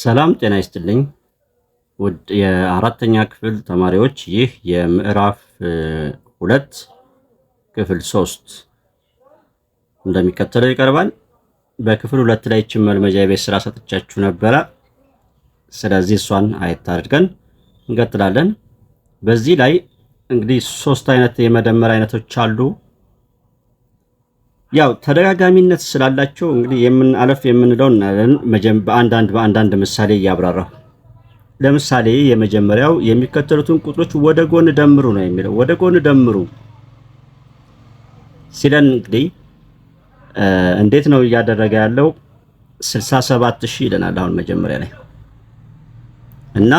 ሰላም ጤና ይስጥልኝ ውድ የአራተኛ ክፍል ተማሪዎች፣ ይህ የምዕራፍ ሁለት ክፍል ሶስት እንደሚከተለው ይቀርባል። በክፍል ሁለት ላይ ይችን መልመጃ የቤት ስራ ሰጥቻችሁ ነበረ። ስለዚህ እሷን አየት አድርገን እንቀጥላለን። በዚህ ላይ እንግዲህ ሶስት አይነት የመደመር አይነቶች አሉ። ያው ተደጋጋሚነት ስላላቸው እንግዲህ የምን አለፍ የምንለው እናለን። በአንዳንድ በአንዳንድ ምሳሌ እያብራራሁ ለምሳሌ የመጀመሪያው የሚከተሉትን ቁጥሮች ወደ ጎን ደምሩ ነው የሚለው። ወደ ጎን ደምሩ ሲለን እንግዲህ እንዴት ነው እያደረገ ያለው? 67000 ይለናል አሁን መጀመሪያ ላይ እና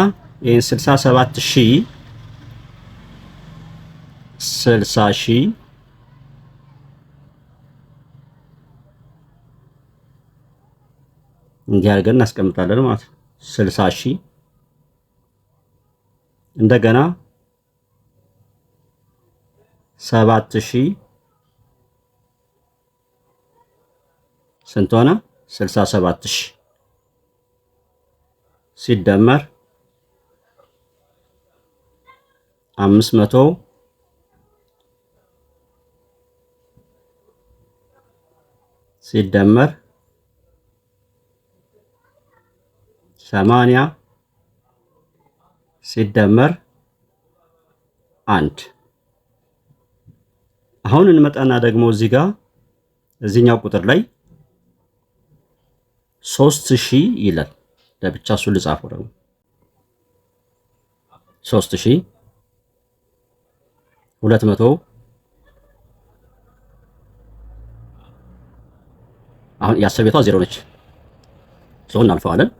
ይህን 67000 60 ሺህ እንዲህ አድርገን እናስቀምጣለን ማለት ነው። 60 ሺህ እንደገና 7 ሺህ ስንት ሆነ? 67 ሺህ ሲደመር 500 ሲደመር ሰማንያ ሲደመር አንድ። አሁን እንመጣና ደግሞ እዚህ ጋር እዚህኛው ቁጥር ላይ ሶስት ሺህ ይላል። ለብቻ እሱ ልጻፈው ደግሞ ሶስት ሺህ ሁለት መቶ አሁን ያሰቤቷ ዜሮ ነች። ሶ እናልፈዋለን።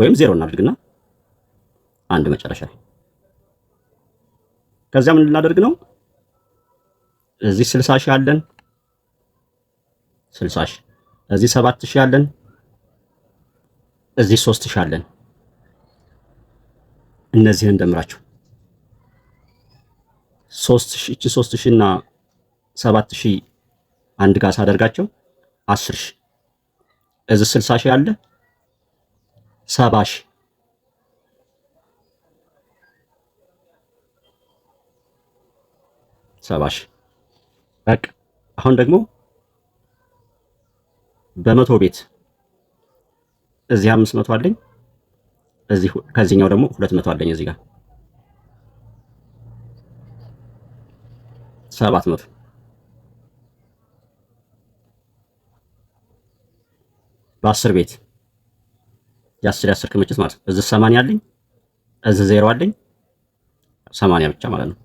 ወይም ዜሮ እናድርግና አንድ መጨረሻ ላይ ከዚያ ምን ልናደርግ ነው? እዚህ 60 ሺህ አለን 60 ሺህ እዚህ 7 ሺህ አለን እዚህ 3 ሺህ አለን። እነዚህን እንደምራቸው ሺህ እቺ 3 ሺህ እና 7 ሺህ አንድ ጋር ሳደርጋቸው 10 ሺህ እዚህ 60 ሺህ አለ ሰባ ሺህ ሰባ ሺህ በቃ አሁን ደግሞ በመቶ ቤት እዚህ አምስት መቶ አለኝ እዚህ ከዚህኛው ደግሞ ሁለት መቶ አለኝ እዚህ ጋር ሰባት መቶ በአስር ቤት የአስር የአስር ክምችት ማለት ነው። እዚህ ሰማንያ አለኝ፣ እዚህ ዜሮ አለኝ፣ ሰማንያ ብቻ ማለት ነው።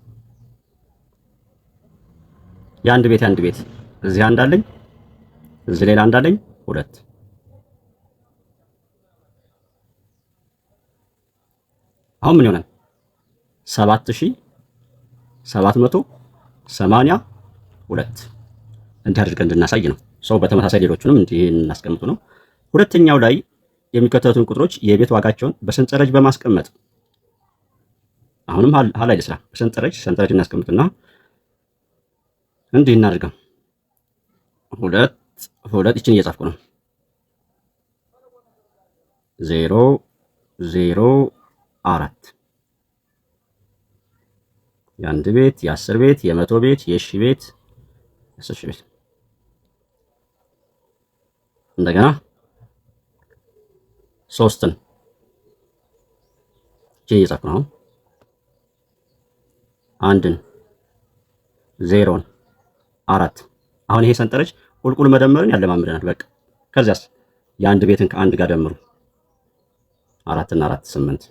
የአንድ ቤት የአንድ ቤት እዚህ አንድ አለኝ፣ እዚህ ሌላ አንድ አለኝ፣ ሁለት አሁን ምን ይሆናል? ሰባት ሺህ ሰባት መቶ ሰማንያ ሁለት እንዲህ አድርገን እንድናሳይ ነው። ሰው በተመሳሳይ ሌሎቹንም እንዲህ እናስቀምጡ ነው። ሁለተኛው ላይ የሚከተሉትን ቁጥሮች የቤት ዋጋቸውን በሰንጠረጅ በማስቀመጥ አሁንም ሀ ላይ ልስራ። በሰንጠረዥ ሰንጠረዥ እናስቀምጥና እንዲህ እናድርገው። ሁለት ሁለት ይችን እየጻፍኩ ነው። ዜሮ ዜሮ አራት የአንድ ቤት የአስር ቤት የመቶ ቤት የሺ ቤት የአስር ሺ ቤት እንደገና ሶስትን ጄ እየጻፍኩ ነው። አንድን ዜሮን አራት አሁን ይሄ ሰንጠረዥ ቁልቁል መደመርን ያለማምደናል። በቃ ከዚያስ የአንድ ቤትን ከአንድ ጋር ደምሩ። አራትና አራት ስምንት፣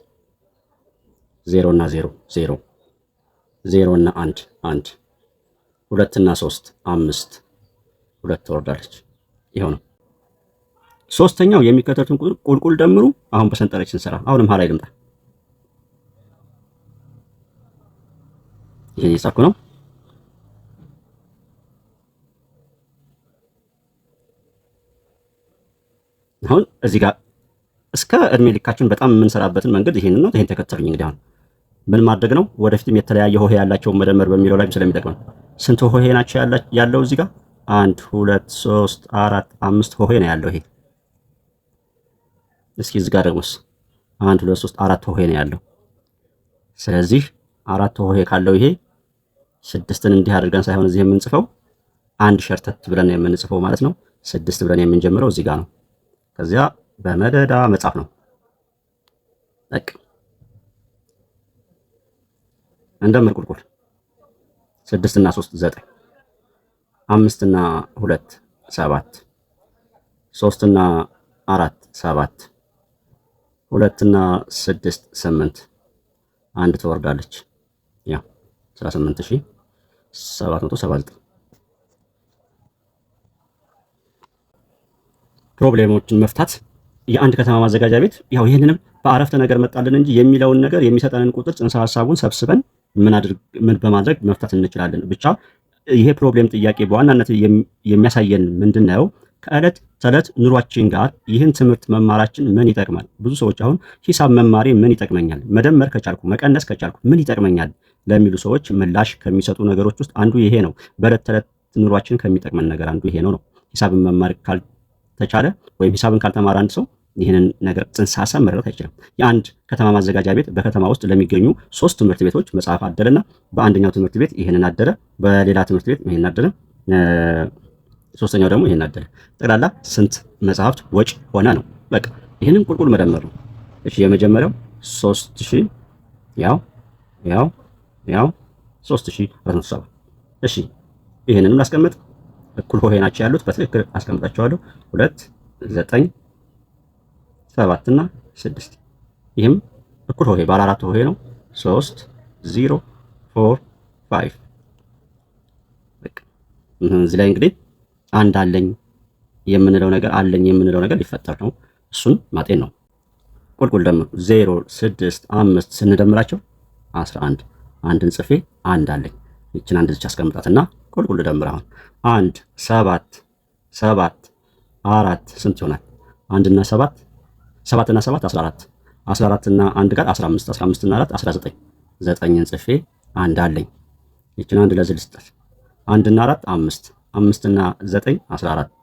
ዜሮና ዜሮ ዜሮ፣ ዜሮና አንድ አንድ፣ ሁለትና ሶስት አምስት፣ ሁለት ትወርዳለች። ይኸው ነው። ሶስተኛው የሚከተሉትን ቁልቁል ደምሩ። አሁን በሰንጠረዥ ስንሰራ አሁንም ሀ ላይ ልምጣ። ይሄን እየጻፍኩ ነው። አሁን እዚህ ጋር እስከ እድሜ ልካችሁን በጣም የምንሰራበትን መንገድ ይሄን ነው። ይሄን ተከተሉኝ። እንግዲህ አሁን ምን ማድረግ ነው? ወደፊትም የተለያየ ሆሄ ያላቸውን መደመር በሚለው ላይ ስለሚጠቅመን ስንት ሆሄ ናቸው ያለው? እዚህ ጋር አንድ ሁለት ሶስት አራት አምስት ሆሄ ነው ያለው ይሄ እስኪ እዚህ ጋር ደግሞስ አንድ ሁለት ሶስት አራት ሆሄ ነው ያለው። ስለዚህ አራት ሆሄ ካለው ይሄ ስድስትን እንዲህ አድርገን ሳይሆን እዚህ የምንጽፈው አንድ ሸርተት ብለን የምንጽፈው ማለት ነው። ስድስት ብለን የምንጀምረው እዚህ ጋር ነው። ከዚያ በመደዳ መጻፍ ነው። በቃ እንደምር ቁልቁል ስድስት እና ሶስት ዘጠኝ፣ አምስት እና ሁለት ሰባት፣ ሶስት እና አራት ሰባት ሁለትና ስድስት ስምንት አንድ ትወርዳለች። ያ ዘጠኝ ፕሮብሌሞችን መፍታት የአንድ ከተማ ማዘጋጃ ቤት ያው ይህንንም በአረፍተ ነገር መጣልን እንጂ የሚለውን ነገር የሚሰጠንን ቁጥር ጽንሰ ሀሳቡን ሰብስበን ምን አድርግ ምን በማድረግ መፍታት እንችላለን። ብቻ ይሄ ፕሮብሌም ጥያቄ በዋናነት የሚያሳየን ምንድን ነው? ከዕለት ተዕለት ኑሯችን ጋር ይህን ትምህርት መማራችን ምን ይጠቅማል? ብዙ ሰዎች አሁን ሂሳብ መማሬ ምን ይጠቅመኛል? መደመር ከቻልኩ መቀነስ ከቻልኩ ምን ይጠቅመኛል? ለሚሉ ሰዎች ምላሽ ከሚሰጡ ነገሮች ውስጥ አንዱ ይሄ ነው። በዕለት ተዕለት ኑሯችን ከሚጠቅመን ነገር አንዱ ይሄ ነው ነው ሂሳብን መማር ካልተቻለ ወይም ሂሳብን ካልተማረ አንድ ሰው ይህንን ነገር ጽንሰ ሀሳብ መረዳት አይችልም። የአንድ ከተማ ማዘጋጃ ቤት በከተማ ውስጥ ለሚገኙ ሶስት ትምህርት ቤቶች መጽሐፍ አደለና በአንደኛው ትምህርት ቤት ይህንን አደለ፣ በሌላ ትምህርት ቤት ይህንን አደለ ሶስተኛው ደግሞ ይሄን አደለ። ጠቅላላ ስንት መጽሐፍት ወጪ ሆነ ነው። በቃ ይህንን ቁልቁል መደመር ነው። እሺ የመጀመሪያው 3000 ያው ያው ያው 3470 እሺ ይሄንንም ላስቀምጥ። እኩል ሆሄ ናቸው ያሉት በትክክል አስቀምጣቸዋለሁ። ሁለት ዘጠኝ ሰባት እና ስድስት ይህም እኩል ሆሄ ባለ አራት ሆሄ ነው። ሶስት ዚሮ ፎር ፋይቭ እዚህ ላይ እንግዲህ አንድ አለኝ የምንለው ነገር አለኝ የምንለው ነገር ሊፈጠር ነው። እሱን ማጤን ነው። ቁልቁል ደምሩ ዜሮ ስድስት አምስት ስንደምራቸው አስራ አንድ አንድን ጽፌ አንድ አለኝ ይችን አንድ ዝች አስቀምጣትና ቁልቁል ደምር። አሁን አንድ ሰባት ሰባት አራት ስንት ይሆናል? አንድና ሰባት ሰባትና ሰባት አስራ አራት አስራ አራትና አንድ ጋር አስራ አምስት አስራ አምስትና አራት አስራ ዘጠኝ ዘጠኝን ጽፌ አንድ አለኝ ይችን አንድ ለዚህ ልስጣት አንድና አራት አምስት አምስት እና ዘጠኝ አስራ አራት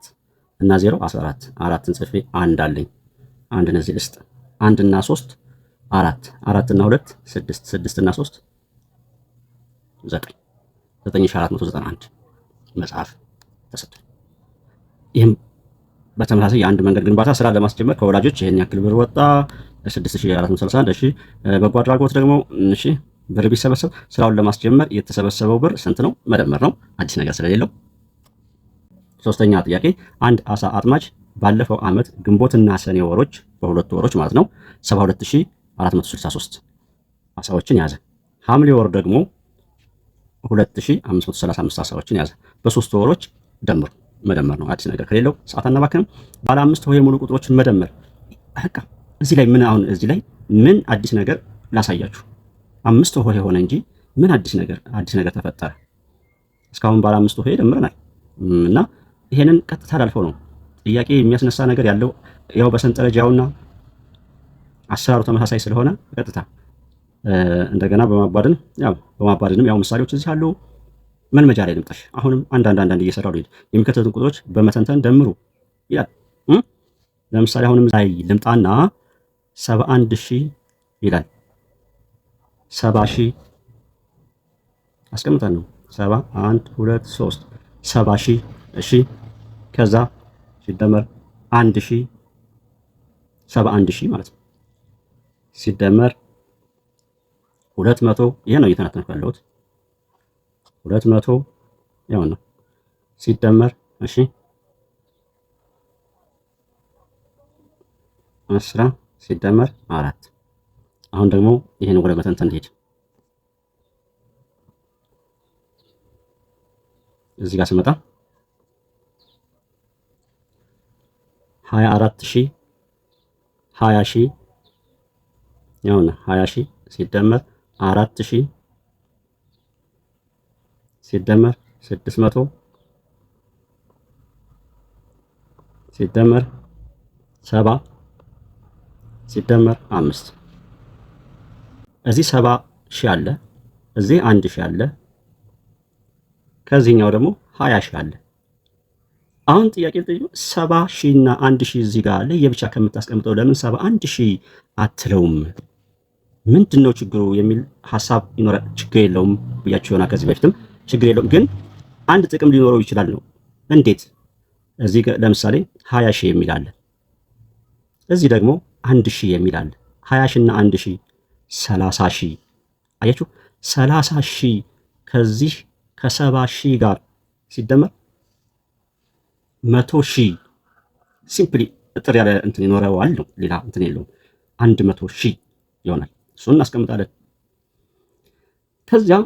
እና ዜሮ አስራ አራት አራትን ጽፌ አንድ አለኝ። አንድ እነዚህ ልስጥ አንድ እና ሶስት አራት አራት እና ሁለት ስድስት ስድስት እና ሶስት ዘጠኝ ዘጠኝ ሺህ አራት መቶ ዘጠና አንድ መጽሐፍ ተሰጥቷል። ይህም በተመሳሳይ የአንድ መንገድ ግንባታ ስራ ለማስጀመር ከወላጆች ይህን ያክል ብር ወጣ 6461 እሺ። በጎ አድራጎት ደግሞ እሺ ብር ቢሰበሰብ ስራውን ለማስጀመር የተሰበሰበው ብር ስንት ነው? መደመር ነው። አዲስ ነገር ስለሌለው ሶስተኛ ጥያቄ አንድ አሳ አጥማጅ ባለፈው ዓመት ግንቦትና ሰኔ ወሮች በሁለቱ ወሮች ማለት ነው 72463 አሳዎችን ያዘ። ሐምሌ ወር ደግሞ 2535 አሳዎችን ያዘ። በሶስቱ ወሮች ደምሩ። መደመር ነው አዲስ ነገር ከሌለው ሰዓት አናባክንም። ባለ አምስት ሆሄ ሙሉ ቁጥሮችን መደመር በቃ እዚህ ላይ ምን አሁን እዚህ ላይ ምን አዲስ ነገር ላሳያችሁ። አምስት ሆሄ ሆነ እንጂ ምን አዲስ ነገር አዲስ ነገር ተፈጠረ? እስካሁን ባለ አምስት ሆሄ ደምረናል እና ይሄንን ቀጥታ አላልፈው ነው ጥያቄ የሚያስነሳ ነገር ያለው ያው በሰንጠረጃውና አሰራሩ ተመሳሳይ ስለሆነ ቀጥታ እንደገና በማባደን ያው በማባደንም ያው ምሳሌዎች እዚህ አሉ። መልመጃ ላይ ልምጣሽ። አሁንም አንዳንድ አንዳንድ እየሰራሁ ልሄድ። የሚከተሉትን ቁጥሮች በመተንተን ደምሩ ይላል። ለምሳሌ አሁንም ላይ ልምጣና ሰባ አንድ ሺህ ይላል። ሰባ ሺህ አስቀምጠን ነው ሰባ አንድ ሁለት ሶስት ሰባ ሺህ እሺ ከዛ ሲደመር አንድ ሺ ሰባ አንድ ሺ ማለት ነው ሲደመር ሁለት መቶ ይሄ ነው እየተናተንኩ ያለሁት ሁለት መቶ ያው ነው ሲደመር እሺ አስራ ሲደመር አራት አሁን ደግሞ ይሄን ወደ መተንተን ሄድ እዚህ ጋር ስመጣ 24 አራት ሺህ ሀያ ሺህ የሆነ ሀያ ሺህ ሲደመር አራት ሺህ ሲደመር ስድስት መቶ ሲደመር ሰባ ሲደመር አምስት እዚህ ሰባ ሺህ አለ፣ እዚህ አንድ ሺህ አለ፣ ከዚህኛው ደግሞ ሃያ ሺህ አለ። አሁን ጥያቄ ጠይቁ። ሰባ ሺህ እና አንድ ሺህ እዚህ ጋር ለየብቻ ከምታስቀምጠው ለምን ሰባ አንድ ሺህ አትለውም? ምንድን ነው ችግሩ የሚል ሀሳብ ይኖራል። ችግር የለውም ብያችሁ ይሆናል ከዚህ በፊትም ችግር የለውም ግን አንድ ጥቅም ሊኖረው ይችላል ነው። እንዴት? እዚህ ለምሳሌ ሀያ ሺህ የሚል አለ፣ እዚህ ደግሞ አንድ ሺህ የሚል አለ። ሀያ ሺህ እና አንድ ሺህ ሰላሳ ሺህ አያችሁ፣ ሰላሳ ሺህ ከዚህ ከሰባ ሺህ ጋር ሲደመር መቶ ሺህ ሲምፕሊ እጥር ያለ እንትን ይኖረዋል ነው። ሌላ እንትን የለውም። አንድ መቶ ሺህ ይሆናል። እሱን እናስቀምጣለን። ከዚያ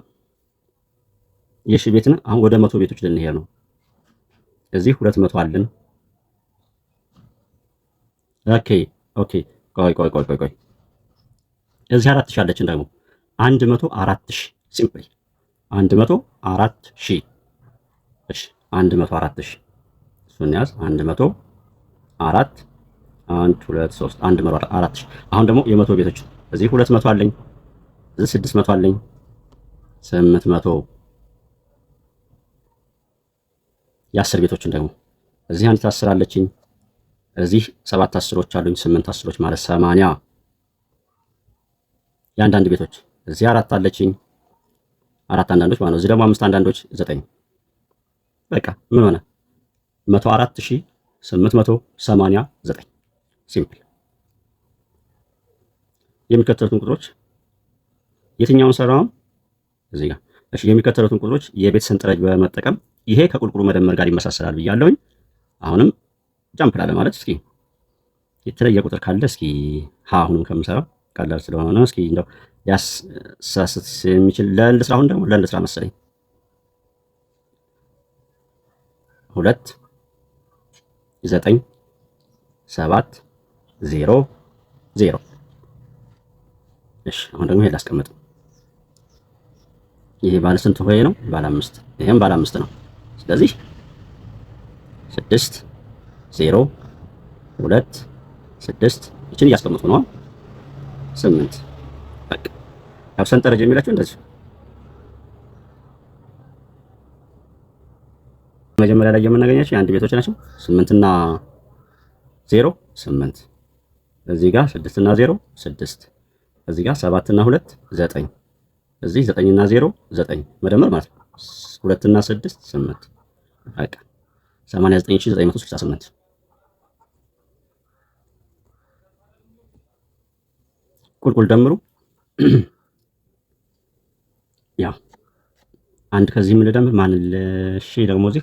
የሺ ቤትን አሁን ወደ መቶ ቤቶች ልንሄድ ነው። እዚህ ሁለት መቶ አለን። ኦኬ ኦኬ። ቆይ ቆይ ቆይ ቆይ ቆይ እዚህ አራት ሺህ አለችን ደግሞ አንድ መቶ አራት ሺህ ሲምፕል አንድ መቶ አራት ሺህ እሺ አንድ መቶ አራት ሺህ እሱን ያዝ። አንድ መቶ አራት አንድ ሁለት ሶስት አንድ መቶ አራት ሺህ። አሁን ደግሞ የመቶ ቤቶች እዚህ ሁለት መቶ አለኝ፣ እዚህ ስድስት መቶ አለኝ፣ ስምንት መቶ የአስር ቤቶችን ደግሞ እዚህ አንዲት አስር አለችኝ፣ እዚህ ሰባት አስሮች አሉኝ፣ ስምንት አስሮች ማለት ሰማንያ የአንዳንድ ቤቶች እዚህ አራት አለችኝ፣ አራት አንዳንዶች ማለት ነው። እዚህ ደግሞ አምስት አንዳንዶች ዘጠኝ። በቃ ምን ሆነ? 104889 ሲምፕል። የሚከተሉትን ቁጥሮች የትኛውን ሰራውን እዚህ ጋር እሺ፣ የሚከተሉትን ቁጥሮች የቤት ሰንጠረዥ በመጠቀም ይሄ ከቁልቁሉ መደመር ጋር ይመሳሰላል ብያለሁኝ። አሁንም ጃምፕ ላለ ማለት እስኪ የተለየ ቁጥር ካለ እስኪ ሀ አሁንም ከምሰራው ቀላል ስለሆነ እስኪ እንደው ያሳስት የሚችል ለእንድ ስራ አሁን ደግሞ ለእንድ ስራ መሰለኝ ሁለት ዘጠኝ ሰባት ዜሮ ዜሮ። እሺ አሁን ደግሞ ይሄ ላስቀምጥ። ይሄ ባለ ስንት ሆሄ ነው? ባለ አምስት። ይሄም ባለ አምስት ነው። ስለዚህ ስድስት ዜሮ ሁለት ስድስት እችን እያስቀምጡ ነው። ስምንት በቃ ያው ሰንጠረዥ የሚላችሁ እንደዚህ መጀመሪያ ላይ የምናገኛቸው የአንድ ቤቶች ናቸው። ስምንትና ዜሮ ስምንት እዚህ ጋር ስድስትና ዜሮ ስድስት እዚህ ጋር ሰባትና ሁለት ዘጠኝ እዚህ ዘጠኝና ዜሮ ዘጠኝ መደመር ማለት ነው። ሁለትና ስድስት ስምንት በቃ ሰማንያ ዘጠኝ ሺህ ዘጠኝ መቶ ስልሳ ስምንት ቁልቁል ደምሩ። ያው አንድ ከዚህ ምን ማን እሺ ደግሞ እዚህ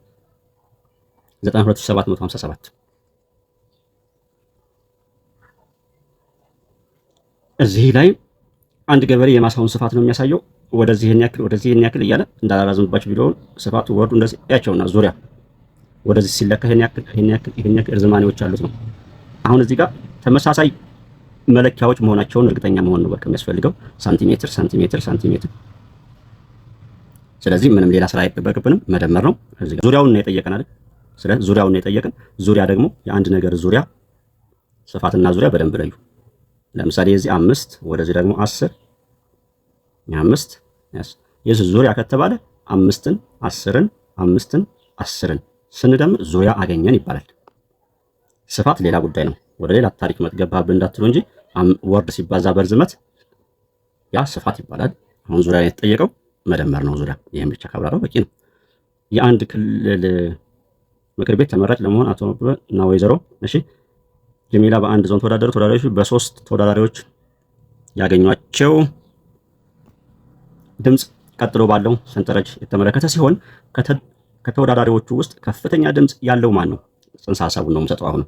እዚህ ላይ አንድ ገበሬ የማሳውን ስፋት ነው የሚያሳየው። ወደዚህ ያክል ወደዚህ ያክል እያለ እንዳላራዘምባችሁ ቢለውን ስፋቱ ወርዱ እንደዚህ ያቸውና ዙሪያ ወደዚህ ሲለካ ይሄን ያክል ይሄን ያክል ይሄን ያክል እርዝማኔዎች አሉት ነው። አሁን እዚህ ጋር ተመሳሳይ መለኪያዎች መሆናቸውን እርግጠኛ መሆን ነው የሚያስፈልገው፣ ሳንቲሜትር ሳንቲሜትር ሳንቲሜትር። ስለዚህ ምንም ሌላ ስራ አይጠበቅብንም፣ መደመር ነው። እዚህ ጋር ዙሪያውን ነው የጠየቀን አይደል? ስለዚህ ዙሪያውን የጠየቅን ዙሪያ ደግሞ የአንድ ነገር ዙሪያ ስፋትና ዙሪያ በደንብ ለዩ። ለምሳሌ የዚህ አምስት ወደዚህ ደግሞ አስር አምስት የዚህ ዙሪያ ከተባለ አምስትን አስርን አምስትን አስርን ስንደምር ዙሪያ አገኘን ይባላል። ስፋት ሌላ ጉዳይ ነው። ወደ ሌላ ታሪክ መትገባብን እንዳትሉ እንጂ ወርድ ሲባዛ በርዝመት ያ ስፋት ይባላል። አሁን ዙሪያ የተጠየቀው መደመር ነው። ዙሪያ ይህም ብቻ ካብራራው በቂ ነው። የአንድ ክልል ምክር ቤት ተመራጭ ለመሆን አቶ አበበ እና ወይዘሮ እሺ ጀሚላ በአንድ ዞን ተወዳደሩ። ተወዳዳሪዎች በሶስት ተወዳዳሪዎች ያገኟቸው ድምፅ ቀጥሎ ባለው ሰንጠረዥ የተመለከተ ሲሆን ከተወዳዳሪዎቹ ውስጥ ከፍተኛ ድምፅ ያለው ማን ነው? ጽንሰ ሀሳቡን ነው የምሰጠው። አሁን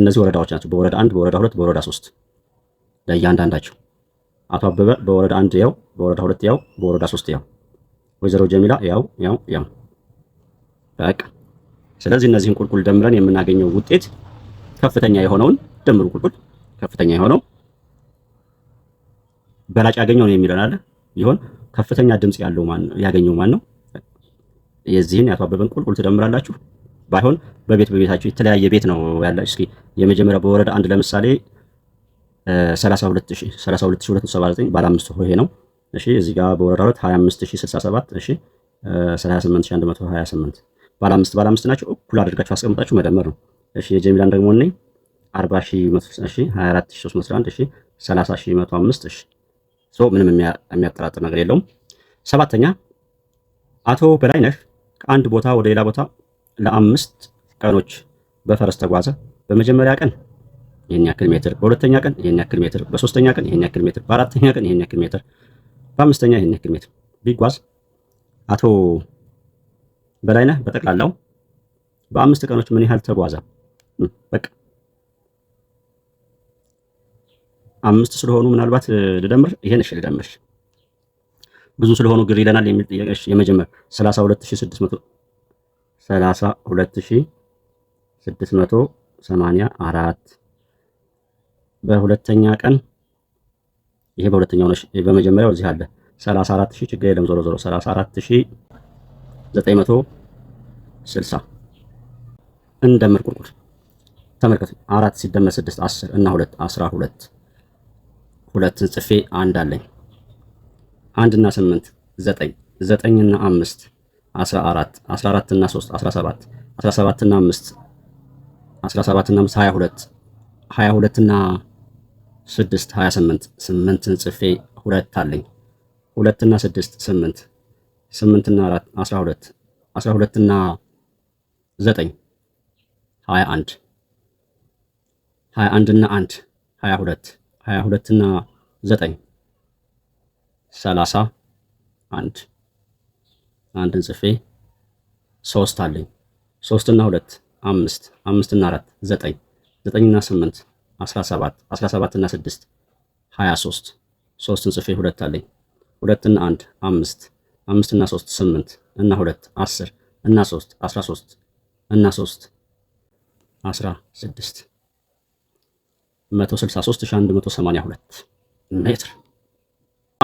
እነዚህ ወረዳዎች ናቸው። በወረዳ አንድ፣ በወረዳ ሁለት፣ በወረዳ ሶስት ለእያንዳንዳቸው አቶ አበበ በወረዳ አንድ ያው፣ በወረዳ ሁለት ያው፣ በወረዳ ሶስት ያው፣ ወይዘሮ ጀሚላ ያው ያው ያው በቃ ስለዚህ እነዚህን ቁልቁል ደምረን የምናገኘው ውጤት ከፍተኛ የሆነውን ደምሩ ቁልቁል ከፍተኛ የሆነው በላጭ ያገኘው ነው የሚለን አለ ይሆን ከፍተኛ ድምጽ ያለው ማን ያገኘው ማን ነው? የዚህን የአቶ አበበን ቁልቁል ትደምራላችሁ። ባይሆን በቤት በቤታችሁ የተለያየ ቤት ነው ያለ እስኪ የመጀመሪያ በወረዳ አንድ ለምሳሌ 32279 ባለ አምስት ሆሄ ነው። እሺ እዚህ ጋር በወረዳ ሁለት 25067 እሺ 38128 ባለ አምስት ባለ አምስት ናቸው። እኩል አድርጋችሁ አስቀምጣችሁ መደመር ነው። እሺ የጀሚላን ደግሞ እኔ 40 ሺ 40100 እሺ 24311 እሺ 105 እሺ ሶ ምንም የሚያጠራጥር ነገር የለውም። ሰባተኛ አቶ በላይነህ ከአንድ ቦታ ወደ ሌላ ቦታ ለአምስት ቀኖች በፈረስ ተጓዘ። በመጀመሪያ ቀን ይሄን ያክል ሜትር፣ በሁለተኛ ቀን ይሄን ያክል ሜትር፣ በሶስተኛ ቀን ይሄን ያክል ሜትር፣ በአራተኛ ቀን ይሄን ያክል ሜትር፣ በአምስተኛ ይሄን ያክል ሜትር ቢጓዝ አቶ በላይነህ በጠቅላላው በአምስት ቀኖች ምን ያህል ተጓዘ? በቃ አምስት ስለሆኑ ምናልባት ልደምር፣ ይሄን እሺ ልደምር፣ ብዙ ስለሆኑ ግር ይለናል የሚል ጥያቄ የመጀመር 32600 32684 በሁለተኛ ቀን ይሄ በሁለተኛው ነው። በመጀመሪያው እዚህ አለ 34000 ችግር የለም ዞሮ ዞሮ 34000 960 እንደ ቁልቁል ተመልከቱ። አራት ሲደመር ስድስት አስር እና ሁለት አስራ ሁለት ሁለትን ጽፌ አንድ አለኝ። አንድና ስምንት ዘጠኝ ዘጠኝና አምስት አስራ አራት አስራ አራትና ሶስት አስራ ሰባት አስራ እና አምስት አስራ እና አምስት ሀያ ሁለት ሀያ ሁለትና ስድስት ሀያ ስምንት ስምንትን ጽፌ ሁለት አለኝ። ሁለትና ስድስት ስምንት ስምንትና አራት አስራ ሁለት አስራ ሁለትና ዘጠኝ ሀያ አንድ ሀያ አንድና አንድ ሀያ ሁለት ሀያ ሁለትና ዘጠኝ ሰላሳ አንድ አንድን ጽፌ ሶስት አለኝ ሶስትና ሁለት አምስት አምስትና አራት ዘጠኝ ዘጠኝና ስምንት አስራ ሰባት አስራ ሰባትና ስድስት ሀያ ሶስት ሶስትን ጽፌ ሁለት አለኝ ሁለትና አንድ አምስት አምስት እና ሶስት ስምንት እና ሁለት አስር እና ሶስት አስራ ሶስት እና ሶስት አስራ ስድስት መቶ ስልሳ ሶስት ሺ አንድ መቶ ሰማኒያ ሁለት ሜትር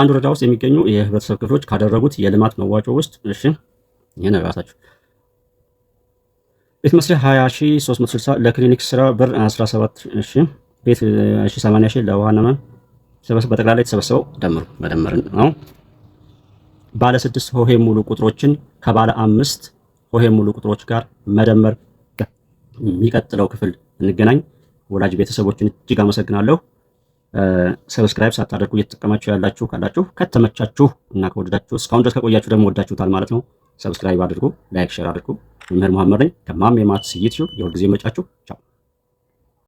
አንድ ወረዳ ውስጥ የሚገኙ የህብረተሰብ ክፍሎች ካደረጉት የልማት መዋጮ ውስጥ እሺ ይህን ራሳችሁ ቤት መስሪያ ሺ 20360 ለክሊኒክ ስራ ብር 17 እሺ ቤት 80 ሺ ለውሃና ማን በጠቅላላ የተሰበሰበው ደምሩ መደመርን ነው። ባለ ስድስት ሆሄ ሙሉ ቁጥሮችን ከባለ አምስት ሆሄ ሙሉ ቁጥሮች ጋር መደመር። የሚቀጥለው ክፍል እንገናኝ። ወላጅ ቤተሰቦችን እጅግ አመሰግናለሁ። ሰብስክራይብ ሳታደርጉ እየተጠቀማችሁ ያላችሁ ካላችሁ ከተመቻችሁ እና ከወደዳችሁ እስካሁን ድረስ ከቆያችሁ ደግሞ ወዳችሁታል ማለት ነው። ሰብስክራይብ አድርጉ፣ ላይክ፣ ሼር አድርጉ። መምህር መሐመድ ነኝ ከማሜ ማትስ ዩቲዩብ። የሁልጊዜ መጫችሁ ቻው።